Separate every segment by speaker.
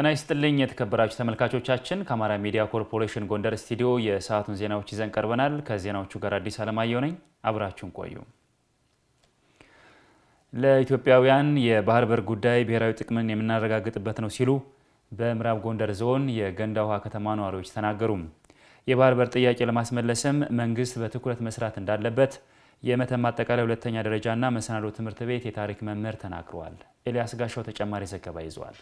Speaker 1: ጤና ይስጥልኝ የተከበራችሁ ተመልካቾቻችን፣ ከአማራ ሚዲያ ኮርፖሬሽን ጎንደር ስቱዲዮ የሰዓቱን ዜናዎች ይዘን ቀርበናል። ከዜናዎቹ ጋር አዲስ አለማየሁ ነኝ። አብራችሁን ቆዩ። ለኢትዮጵያውያን የባህር በር ጉዳይ ብሔራዊ ጥቅምን የምናረጋግጥበት ነው ሲሉ በምዕራብ ጎንደር ዞን የገንዳ ውሃ ከተማ ነዋሪዎች ተናገሩ። የባህር በር ጥያቄ ለማስመለስም መንግስት በትኩረት መስራት እንዳለበት የመተማ አጠቃላይ ሁለተኛ ደረጃና መሰናዶ ትምህርት ቤት የታሪክ መምህር ተናግረዋል። ኤልያስ ጋሻው ተጨማሪ ዘገባ ይዘዋል።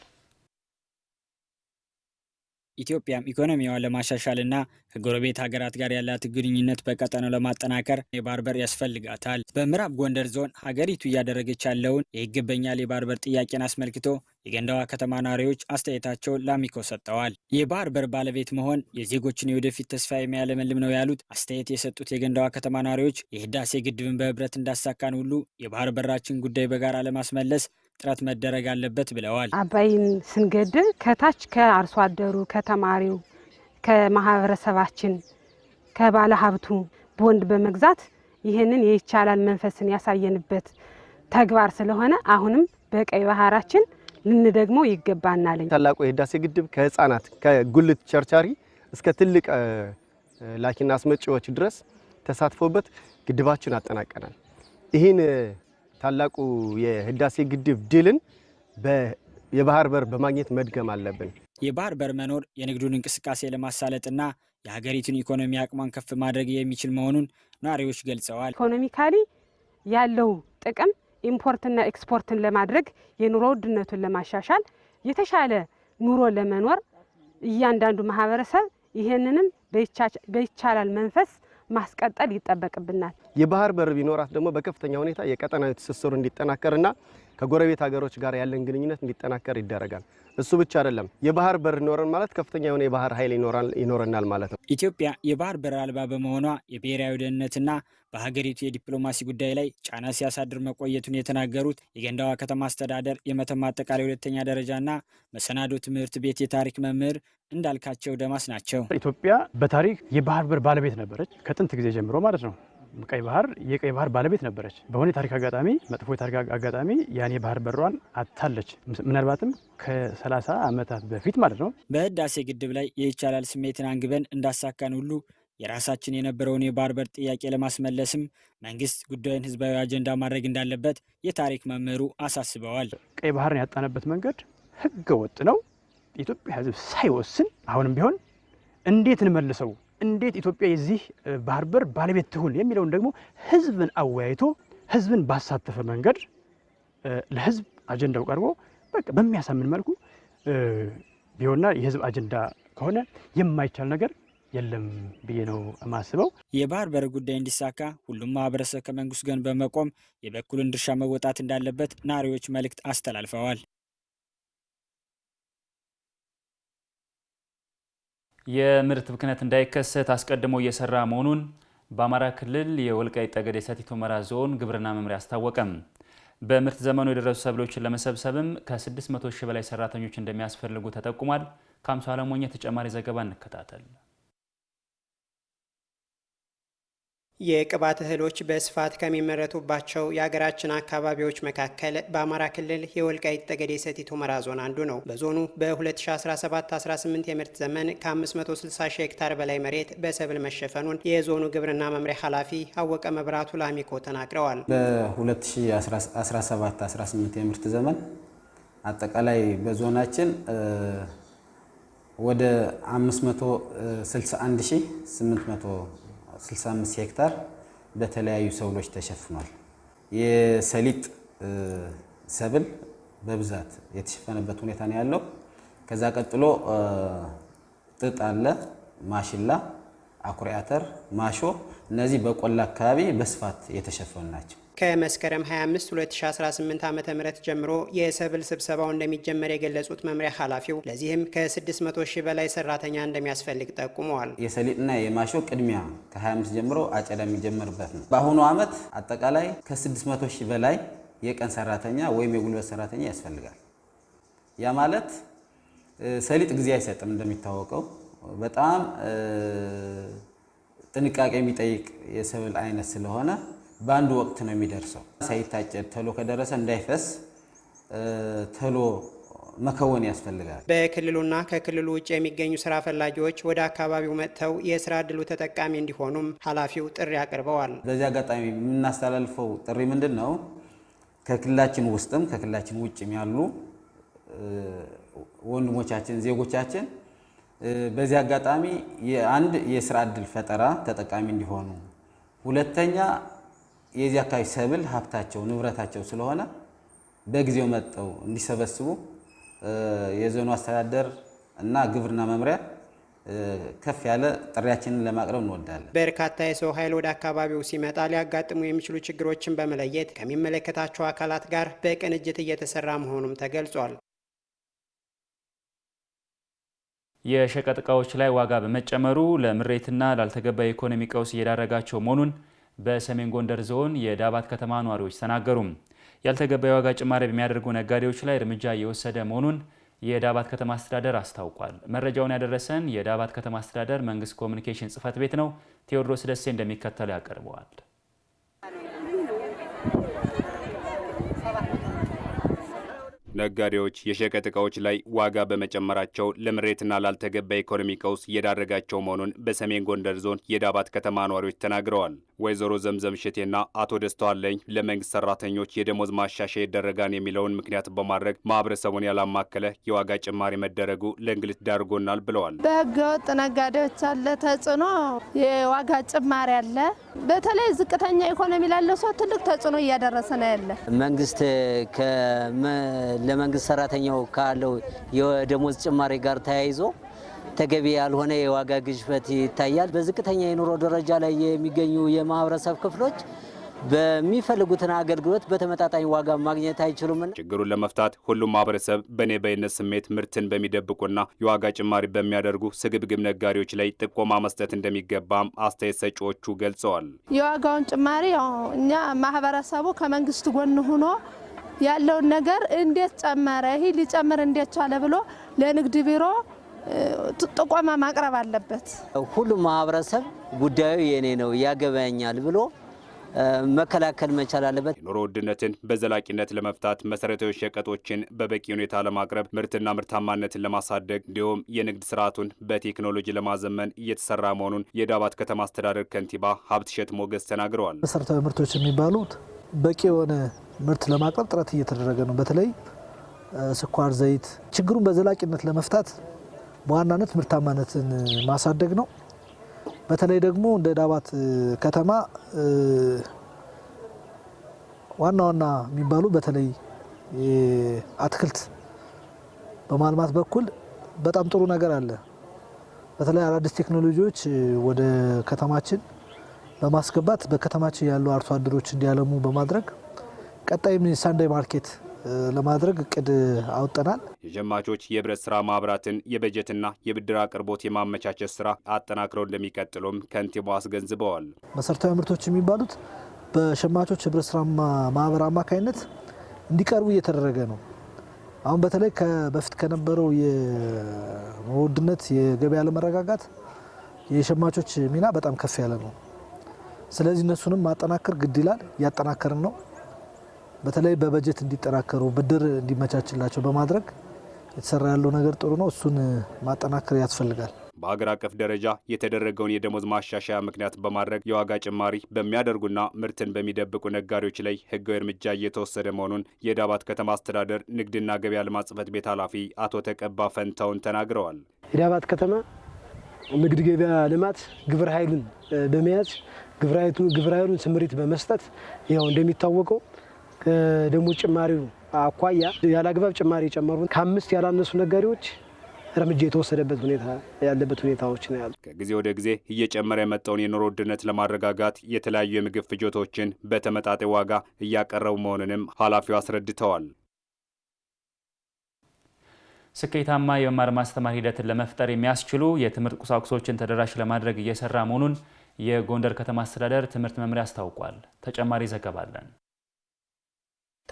Speaker 1: ኢትዮጵያም ኢኮኖሚዋን ለማሻሻልና ከጎረቤት ሀገራት ጋር ያላት ግንኙነት በቀጠናው ለማጠናከር የባህር በር ያስፈልጋታል። በምዕራብ ጎንደር ዞን ሀገሪቱ እያደረገች ያለውን የይገባኛል የባህር በር ጥያቄን አስመልክቶ የገንዳዋ ከተማ ነዋሪዎች አስተያየታቸውን ላሚኮ ሰጥተዋል። የባህር በር ባለቤት መሆን የዜጎችን የወደፊት ተስፋ የሚያለመልም ነው ያሉት አስተያየት የሰጡት የገንዳዋ ከተማ ነዋሪዎች የህዳሴ ግድብን በህብረት እንዳሳካን ሁሉ የባህር በራችን ጉዳይ በጋራ ለማስመለስ ጥረት መደረግ አለበት ብለዋል።
Speaker 2: አባይን ስንገድብ ከታች ከአርሶ አደሩ፣ ከተማሪው፣ ከማህበረሰባችን፣ ከባለ ሀብቱ ቦንድ በመግዛት ይህንን የይቻላል መንፈስን ያሳየንበት ተግባር ስለሆነ አሁንም በቀይ ባህራችን ልንደግሞ ይገባናል።
Speaker 3: ታላቁ የህዳሴ ግድብ ከህፃናት ከጉልት ቸርቻሪ እስከ ትልቅ ላኪና አስመጪዎች ድረስ ተሳትፎበት ግድባችን አጠናቀናል። ይህን ታላቁ የህዳሴ ግድብ ድልን የባህር በር በማግኘት መድገም አለብን።
Speaker 1: የባህር በር መኖር የንግዱን እንቅስቃሴ ለማሳለጥና የሀገሪቱን ኢኮኖሚ አቅሟን ከፍ ማድረግ የሚችል መሆኑን ነዋሪዎች ገልጸዋል።
Speaker 2: ኢኮኖሚካሊ ያለው ጥቅም ኢምፖርትና ኤክስፖርትን ለማድረግ የኑሮ ውድነቱን ለማሻሻል የተሻለ ኑሮ ለመኖር እያንዳንዱ ማህበረሰብ ይህንንም በይቻላል መንፈስ ማስቀጠል ይጠበቅብናል።
Speaker 3: የባህር በር ቢኖራት ደግሞ በከፍተኛ ሁኔታ የቀጠናዊ ትስስሩ እንዲጠናከርና ከጎረቤት ሀገሮች ጋር ያለን ግንኙነት እንዲጠናከር ይደረጋል። እሱ ብቻ አይደለም። የባህር በር ይኖረን ማለት ከፍተኛ የሆነ የባህር ኃይል ይኖረናል ማለት ነው።
Speaker 1: ኢትዮጵያ የባህር በር አልባ በመሆኗ የብሔራዊ ደህንነትና በሀገሪቱ የዲፕሎማሲ ጉዳይ ላይ ጫና ሲያሳድር መቆየቱን የተናገሩት የገንዳዋ ከተማ አስተዳደር የመተማ አጠቃላይ ሁለተኛ ደረጃና መሰናዶ ትምህርት ቤት የታሪክ መምህር እንዳልካቸው ደማስ ናቸው።
Speaker 4: ኢትዮጵያ በታሪክ የባህር በር ባለቤት ነበረች ከጥንት ጊዜ ጀምሮ ማለት ነው። ቀይ ባህር የቀይ ባህር ባለቤት ነበረች። በሆነ የታሪክ አጋጣሚ መጥፎ የታሪክ አጋጣሚ ያን የባህር በሯን አታለች። ምናልባትም ከ30 ዓመታት በፊት ማለት ነው።
Speaker 1: በህዳሴ ግድብ ላይ የይቻላል ስሜትን አንግበን እንዳሳካን ሁሉ የራሳችን የነበረውን የባህር በር ጥያቄ ለማስመለስም መንግስት ጉዳዩን ህዝባዊ አጀንዳ ማድረግ እንዳለበት የታሪክ መምህሩ አሳስበዋል።
Speaker 4: ቀይ ባህርን ያጣነበት መንገድ ህገ ወጥ ነው። የኢትዮጵያ ህዝብ ሳይወስን አሁንም ቢሆን እንዴት እንመልሰው እንዴት ኢትዮጵያ የዚህ ባህር በር ባለቤት ትሁን የሚለውን ደግሞ ህዝብን አወያይቶ ህዝብን ባሳተፈ መንገድ ለህዝብ አጀንዳው ቀርቦ በቃ በሚያሳምን መልኩ ቢሆንና የህዝብ አጀንዳ ከሆነ የማይቻል ነገር የለም ብዬ ነው የማስበው።
Speaker 1: የባህር በር ጉዳይ እንዲሳካ ሁሉም ማህበረሰብ ከመንግስት ገን በመቆም የበኩልን ድርሻ መወጣት እንዳለበት ናሪዎች መልእክት አስተላልፈዋል። የምርት ብክነት እንዳይከሰት አስቀድሞ እየሰራ መሆኑን በአማራ ክልል የወልቃይት ጠገዴ ሰቲት ሁመራ ዞን ግብርና መምሪያ አስታወቀም። በምርት ዘመኑ የደረሱ ሰብሎችን ለመሰብሰብም ከ600 ሺህ በላይ ሰራተኞች እንደሚያስፈልጉ ተጠቁሟል። ከአምሶ አለሞኘ ተጨማሪ ዘገባ እንከታተል።
Speaker 5: የቅባት እህሎች በስፋት ከሚመረቱባቸው የሀገራችን አካባቢዎች መካከል በአማራ ክልል የወልቃይት ጠገዴ ሰቲት ሁመራ ዞን አንዱ ነው። በዞኑ በ2017/18 የምርት ዘመን ከ560 ሺህ ሄክታር በላይ መሬት በሰብል መሸፈኑን የዞኑ ግብርና መምሪያ ኃላፊ አወቀ መብራቱ ላሚኮ ተናግረዋል።
Speaker 6: በ2017/18 የምርት ዘመን አጠቃላይ በዞናችን ወደ 561 ሺህ 800 65 ሄክታር በተለያዩ ሰብሎች ተሸፍኗል። የሰሊጥ ሰብል በብዛት የተሸፈነበት ሁኔታ ነው ያለው። ከዛ ቀጥሎ ጥጥ አለ፣ ማሽላ፣ አኩሪ አተር፣ ማሾ እነዚህ በቆላ አካባቢ በስፋት የተሸፈኑ ናቸው።
Speaker 1: ከመስከረም 25 2018 ዓ ም ጀምሮ የሰብል ስብሰባው እንደሚጀመር የገለጹት መምሪያ ኃላፊው ለዚህም ከ600 ሺህ በላይ ሰራተኛ እንደሚያስፈልግ ጠቁመዋል።
Speaker 6: የሰሊጥና የማሾ ቅድሚያ ከ25 ጀምሮ አጨዳ የሚጀመርበት ነው። በአሁኑ ዓመት አጠቃላይ ከ600 ሺህ በላይ የቀን ሰራተኛ ወይም የጉልበት ሰራተኛ ያስፈልጋል። ያ ማለት ሰሊጥ ጊዜ አይሰጥም። እንደሚታወቀው በጣም ጥንቃቄ የሚጠይቅ የሰብል አይነት ስለሆነ በአንድ ወቅት ነው የሚደርሰው። ሳይታጨድ ተሎ ከደረሰ እንዳይፈስ ተሎ መከወን ያስፈልጋል።
Speaker 1: በክልሉና ከክልሉ ውጭ የሚገኙ ስራ ፈላጊዎች ወደ አካባቢው መጥተው የስራ እድሉ ተጠቃሚ እንዲሆኑም ኃላፊው ጥሪ አቅርበዋል።
Speaker 6: በዚህ አጋጣሚ የምናስተላልፈው ጥሪ ምንድን ነው? ከክልላችን ውስጥም ከክልላችን ውጭም ያሉ ወንድሞቻችን ዜጎቻችን በዚህ አጋጣሚ አንድ የስራ እድል ፈጠራ ተጠቃሚ እንዲሆኑ ሁለተኛ የዚህ አካባቢ ሰብል ሀብታቸው ንብረታቸው ስለሆነ በጊዜው መጠው እንዲሰበስቡ የዞኑ አስተዳደር እና ግብርና መምሪያ ከፍ ያለ ጥሪያችንን ለማቅረብ እንወዳለን።
Speaker 1: በርካታ የሰው ኃይል ወደ አካባቢው ሲመጣ ሊያጋጥሙ የሚችሉ ችግሮችን በመለየት ከሚመለከታቸው አካላት ጋር በቅንጅት እየተሰራ መሆኑም ተገልጿል። የሸቀጥ እቃዎች ላይ ዋጋ በመጨመሩ ለምሬትና ላልተገባ የኢኮኖሚ ቀውስ እየዳረጋቸው መሆኑን በሰሜን ጎንደር ዞን የዳባት ከተማ ነዋሪዎች ተናገሩ። ያልተገባ የዋጋ ጭማሪ በሚያደርጉ ነጋዴዎች ላይ እርምጃ እየወሰደ መሆኑን የዳባት ከተማ አስተዳደር አስታውቋል። መረጃውን ያደረሰን የዳባት ከተማ አስተዳደር መንግስት ኮሚኒኬሽን ጽህፈት ቤት ነው። ቴዎድሮስ ደሴ እንደሚከተለው ያቀርበዋል።
Speaker 7: ነጋዴዎች የሸቀጥ እቃዎች ላይ ዋጋ በመጨመራቸው ለምሬትና ላልተገባ ኢኮኖሚ ቀውስ እየዳረጋቸው መሆኑን በሰሜን ጎንደር ዞን የዳባት ከተማ ነዋሪዎች ተናግረዋል። ወይዘሮ ዘምዘም ሽቴና አቶ ደስተዋለኝ ለመንግስት ሰራተኞች የደሞዝ ማሻሻያ ይደረጋል የሚለውን ምክንያት በማድረግ ማህበረሰቡን ያላማከለ የዋጋ ጭማሪ መደረጉ ለእንግልት ዳርጎናል ብለዋል።
Speaker 8: በህገወጥ ነጋዴዎች አለ ተጽዕኖ የዋጋ ጭማሪ አለ። በተለይ ዝቅተኛ ኢኮኖሚ ላለ ሰው ትልቅ ተጽዕኖ እያደረሰ ነው ያለ
Speaker 9: መንግስት ለመንግስት ሰራተኛው ካለው የደሞዝ ጭማሪ ጋር ተያይዞ ተገቢ ያልሆነ የዋጋ ግሽበት ይታያል። በዝቅተኛ የኑሮ ደረጃ ላይ የሚገኙ የማህበረሰብ ክፍሎች በሚፈልጉትን አገልግሎት በተመጣጣኝ ዋጋ ማግኘት አይችሉም።
Speaker 7: ችግሩን ለመፍታት ሁሉም ማህበረሰብ በእኔ በይነት ስሜት ምርትን በሚደብቁና የዋጋ ጭማሪ በሚያደርጉ ስግብግብ ነጋዴዎች ላይ ጥቆማ መስጠት እንደሚገባም አስተያየት ሰጪዎቹ ገልጸዋል።
Speaker 8: የዋጋውን ጭማሪ እኛ ማህበረሰቡ ከመንግስት ጎን ሆኖ ያለውን ነገር እንዴት ጨመረ፣ ይህ ሊጨምር እንዴት ቻለ ብሎ ለንግድ ቢሮ ጥቆማ ማቅረብ አለበት።
Speaker 9: ሁሉም ማህበረሰብ ጉዳዩ የኔ ነው ያገባኛል ብሎ መከላከል መቻል አለበት።
Speaker 7: የኑሮ ውድነትን በዘላቂነት ለመፍታት መሰረታዊ ሸቀጦችን በበቂ ሁኔታ ለማቅረብ ምርትና ምርታማነትን ለማሳደግ እንዲሁም የንግድ ስርዓቱን በቴክኖሎጂ ለማዘመን እየተሰራ መሆኑን የዳባት ከተማ አስተዳደር ከንቲባ ሀብትሸት ሞገስ ተናግረዋል።
Speaker 4: መሰረታዊ ምርቶች የሚባሉት በቂ የሆነ ምርት ለማቅረብ ጥረት እየተደረገ ነው። በተለይ ስኳር፣ ዘይት ችግሩን በዘላቂነት ለመፍታት በዋናነት ምርታማነትን ማሳደግ ነው። በተለይ ደግሞ እንደ ዳባት ከተማ ዋና ዋና የሚባሉ በተለይ አትክልት በማልማት በኩል በጣም ጥሩ ነገር አለ። በተለይ አዳዲስ ቴክኖሎጂዎች ወደ ከተማችን በማስገባት በከተማችን ያሉ አርሶ አደሮች እንዲያለሙ በማድረግ ቀጣይም ሳንዳይ ማርኬት ለማድረግ እቅድ አውጠናል።
Speaker 7: የሸማቾች የህብረት ስራ ማህበራትን የበጀትና የብድር አቅርቦት የማመቻቸት ስራ አጠናክረው እንደሚቀጥሉም ከንቲባው አስገንዝበዋል።
Speaker 4: መሰረታዊ ምርቶች የሚባሉት በሸማቾች ህብረት ስራ ማህበር አማካኝነት እንዲቀርቡ እየተደረገ ነው። አሁን በተለይ በፊት ከነበረው የውድነት፣ የገበያ ለመረጋጋት የሸማቾች ሚና በጣም ከፍ ያለ ነው። ስለዚህ እነሱንም ማጠናከር ግድ ይላል። እያጠናከርን ነው። በተለይ በበጀት እንዲጠናከሩ ብድር እንዲመቻችላቸው በማድረግ የተሰራ ያለው ነገር ጥሩ ነው። እሱን ማጠናከር ያስፈልጋል።
Speaker 7: በሀገር አቀፍ ደረጃ የተደረገውን የደሞዝ ማሻሻያ ምክንያት በማድረግ የዋጋ ጭማሪ በሚያደርጉና ምርትን በሚደብቁ ነጋዴዎች ላይ ሕጋዊ እርምጃ እየተወሰደ መሆኑን የዳባት ከተማ አስተዳደር ንግድና ገበያ ልማት ጽሕፈት ቤት ኃላፊ አቶ ተቀባ ፈንታውን ተናግረዋል።
Speaker 4: የዳባት ከተማ ንግድ ገበያ ልማት ግብረ ኃይልን በመያዝ ግብረ ኃይሉን ስምሪት በመስጠት ያው እንደሚታወቀው ደሞዝ ጭማሪው አኳያ ያላግባብ ጭማሪ የጨመሩ ከአምስት ያላነሱ ነጋዴዎች እርምጃ የተወሰደበት ሁኔታ ያለበት ሁኔታዎች ነው ያሉ።
Speaker 7: ከጊዜ ወደ ጊዜ እየጨመረ የመጣውን የኑሮ ውድነት ለማረጋጋት የተለያዩ የምግብ ፍጆቶችን በተመጣጣኝ ዋጋ እያቀረቡ መሆኑንም ኃላፊው አስረድተዋል።
Speaker 1: ስኬታማ የመማር ማስተማር ሂደትን ለመፍጠር የሚያስችሉ የትምህርት ቁሳቁሶችን ተደራሽ ለማድረግ እየሰራ መሆኑን የጎንደር ከተማ አስተዳደር ትምህርት መምሪያ አስታውቋል። ተጨማሪ ዘገባ አለን።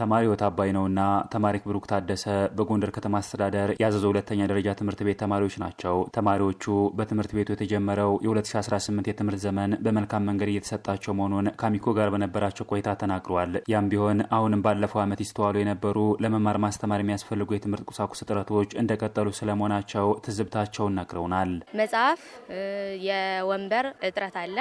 Speaker 1: ተማሪ ተማሪው ነው ነውና ተማሪ ብሩክ ታደሰ በጎንደር ከተማ አስተዳደር ያዘዘው ሁለተኛ ደረጃ ትምህርት ቤት ተማሪዎች ናቸው። ተማሪዎቹ በትምህርት ቤቱ የተጀመረው የ2018 የትምህርት ዘመን በመልካም መንገድ እየተሰጣቸው መሆኑን ከአሚኮ ጋር በነበራቸው ቆይታ ተናግረዋል። ያም ቢሆን አሁንም ባለፈው ዓመት ይስተዋሉ የነበሩ ለመማር ማስተማር የሚያስፈልጉ የትምህርት ቁሳቁስ እጥረቶች እንደቀጠሉ ስለመሆናቸው ትዝብታቸውን ነግረውናል።
Speaker 10: መጽሐፍ፣ የወንበር እጥረት አለ።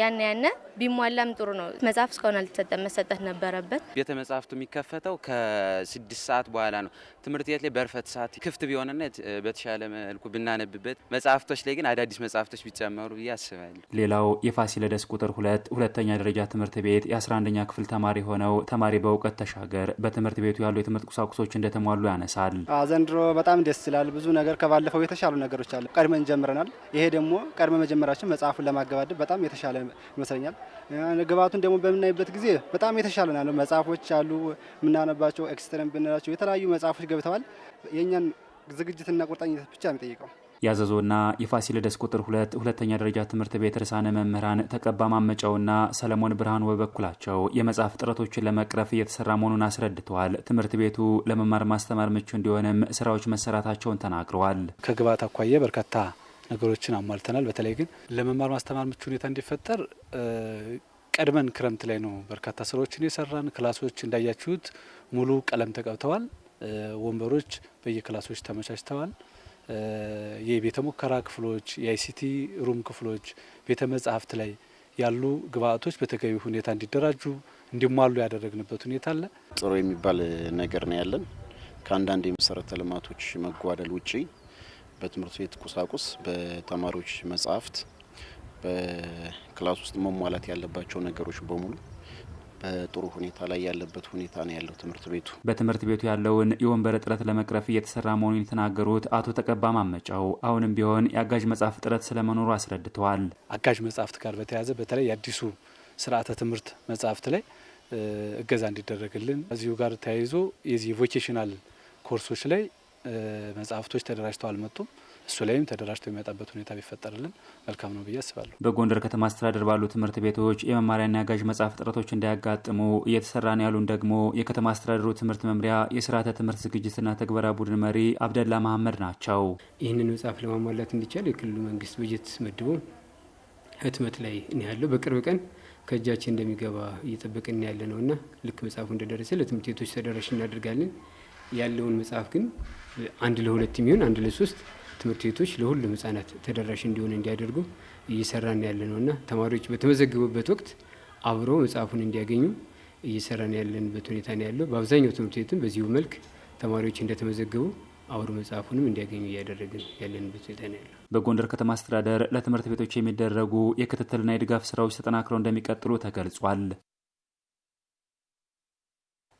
Speaker 10: ያነ ያነ ቢሟላም ጥሩ ነው። መጽሐፍ እስካሁን አልተሰጠም፣ መሰጠት ነበረበት።
Speaker 11: ቤተ መጽሐፍቱ የሚከፈተው ከስድስት ሰዓት በኋላ ነው። ትምህርት ቤት ላይ በርፈት ሰዓት ክፍት ቢሆንና በተሻለ መልኩ ብናነብበት፣ መጽሐፍቶች ላይ ግን አዳዲስ መጽሐፍቶች ቢጨመሩ ብዬ አስባለሁ።
Speaker 1: ሌላው የፋሲለደስ ቁጥር ሁለት ሁለተኛ ደረጃ ትምህርት ቤት የ11ኛ ክፍል ተማሪ ሆነው ተማሪ በእውቀት ተሻገር በትምህርት ቤቱ ያሉ የትምህርት ቁሳቁሶች እንደተሟሉ ያነሳል።
Speaker 12: ዘንድሮ በጣም ደስ ይላል። ብዙ ነገር ከባለፈው የተሻሉ ነገሮች አሉ። ቀድመን ጀምረናል። ይሄ ደግሞ ቀድመ መጀመራችን መጽሐፉን ለማገባደብ በጣም የተሻ የተሻለ ይመስለኛል። ግባቱን ደግሞ በምናይበት ጊዜ በጣም የተሻለ ያለው መጽሐፎች አሉ የምናነባቸው ኤክስተርን ብንላቸው የተለያዩ መጽሐፎች ገብተዋል። የእኛን ዝግጅትና ቁርጠኝነት ብቻ ነው የሚጠይቀው።
Speaker 1: ያዘዞና የፋሲለደስ ቁጥር ሁለት ሁለተኛ ደረጃ ትምህርት ቤት ርዕሳነ መምህራን ተቀባ ማመጫውና ሰለሞን ብርሃኑ በበኩላቸው የመጽሐፍ ጥረቶችን ለመቅረፍ እየተሰራ መሆኑን አስረድተዋል። ትምህርት ቤቱ ለመማር ማስተማር ምቹ እንዲሆንም ስራዎች መሰራታቸውን ተናግረዋል።
Speaker 13: ከግብዓት አኳየ በርካታ ነገሮችን አሟልተናል። በተለይ ግን ለመማር ማስተማር ምቹ ሁኔታ እንዲፈጠር ቀድመን ክረምት ላይ ነው በርካታ ስራዎችን የሰራን። ክላሶች እንዳያችሁት ሙሉ ቀለም ተቀብተዋል። ወንበሮች በየክላሶች ተመቻችተዋል። የቤተ ሙከራ ክፍሎች፣ የአይሲቲ ሩም ክፍሎች፣ ቤተ መጻሕፍት ላይ ያሉ ግብአቶች በተገቢ ሁኔታ እንዲደራጁ እንዲሟሉ ያደረግንበት ሁኔታ አለ።
Speaker 14: ጥሩ የሚባል ነገር ነው ያለን ከአንዳንድ የመሰረተ ልማቶች መጓደል ውጪ በትምህርት ቤት ቁሳቁስ፣ በተማሪዎች መጽሐፍት፣ በክላስ ውስጥ መሟላት ያለባቸው ነገሮች በሙሉ በጥሩ ሁኔታ ላይ ያለበት ሁኔታ ነው ያለው ትምህርት ቤቱ።
Speaker 1: በትምህርት ቤቱ ያለውን የወንበር እጥረት ለመቅረፍ እየተሰራ መሆኑን የተናገሩት አቶ ተቀባ ማመጫው አሁንም ቢሆን የአጋዥ መጽሐፍ እጥረት ስለመኖሩ አስረድተዋል።
Speaker 13: አጋዥ መጽሐፍት ጋር በተያያዘ በተለይ የአዲሱ ስርዓተ ትምህርት መጽሐፍት ላይ እገዛ እንዲደረግልን እዚሁ ጋር ተያይዞ የዚህ ቮኬሽናል ኮርሶች ላይ መጽሐፍቶች ተደራጅተው አልመጡም። እሱ ላይም ተደራጅተው የሚመጣበት ሁኔታ ቢፈጠርልን መልካም ነው ብዬ አስባለሁ።
Speaker 1: በጎንደር ከተማ አስተዳደር ባሉ ትምህርት ቤቶች የመማሪያና ያጋዥ መጽሐፍ እጥረቶች እንዳያጋጥሙ እየተሰራ ነው ያሉን ደግሞ የከተማ አስተዳደሩ ትምህርት መምሪያ የስርዓተ ትምህርት ዝግጅትና ተግበራ ቡድን መሪ አብደላ መሀመድ ናቸው።
Speaker 15: ይህንን መጽሐፍ ለማሟላት እንዲቻል የክልሉ መንግስት በጀት መድቦ ህትመት ላይ ነው ያለው። በቅርብ ቀን ከእጃችን እንደሚገባ እየጠበቅን ያለ ነው እና ልክ መጽሐፉ እንደደረሰ ለትምህርት ቤቶች ተደራሽ እናደርጋለን። ያለውን መጽሐፍ ግን አንድ ለሁለት የሚሆን አንድ ለሶስት ትምህርት ቤቶች ለሁሉም ህጻናት ተደራሽ እንዲሆን እንዲያደርጉ እየሰራን ያለ ነው እና ተማሪዎች በተመዘገቡበት ወቅት አብሮ መጽሐፉን እንዲያገኙ እየሰራን ያለንበት ሁኔታ ነው ያለው። በአብዛኛው ትምህርት ቤትም በዚሁ መልክ ተማሪዎች እንደተመዘገቡ አብሮ መጽሐፉንም እንዲያገኙ እያደረግን ያለንበት ሁኔታ ነው ያለው።
Speaker 1: በጎንደር ከተማ አስተዳደር ለትምህርት ቤቶች የሚደረጉ የክትትልና የድጋፍ ስራዎች ተጠናክረው እንደሚቀጥሉ ተገልጿል።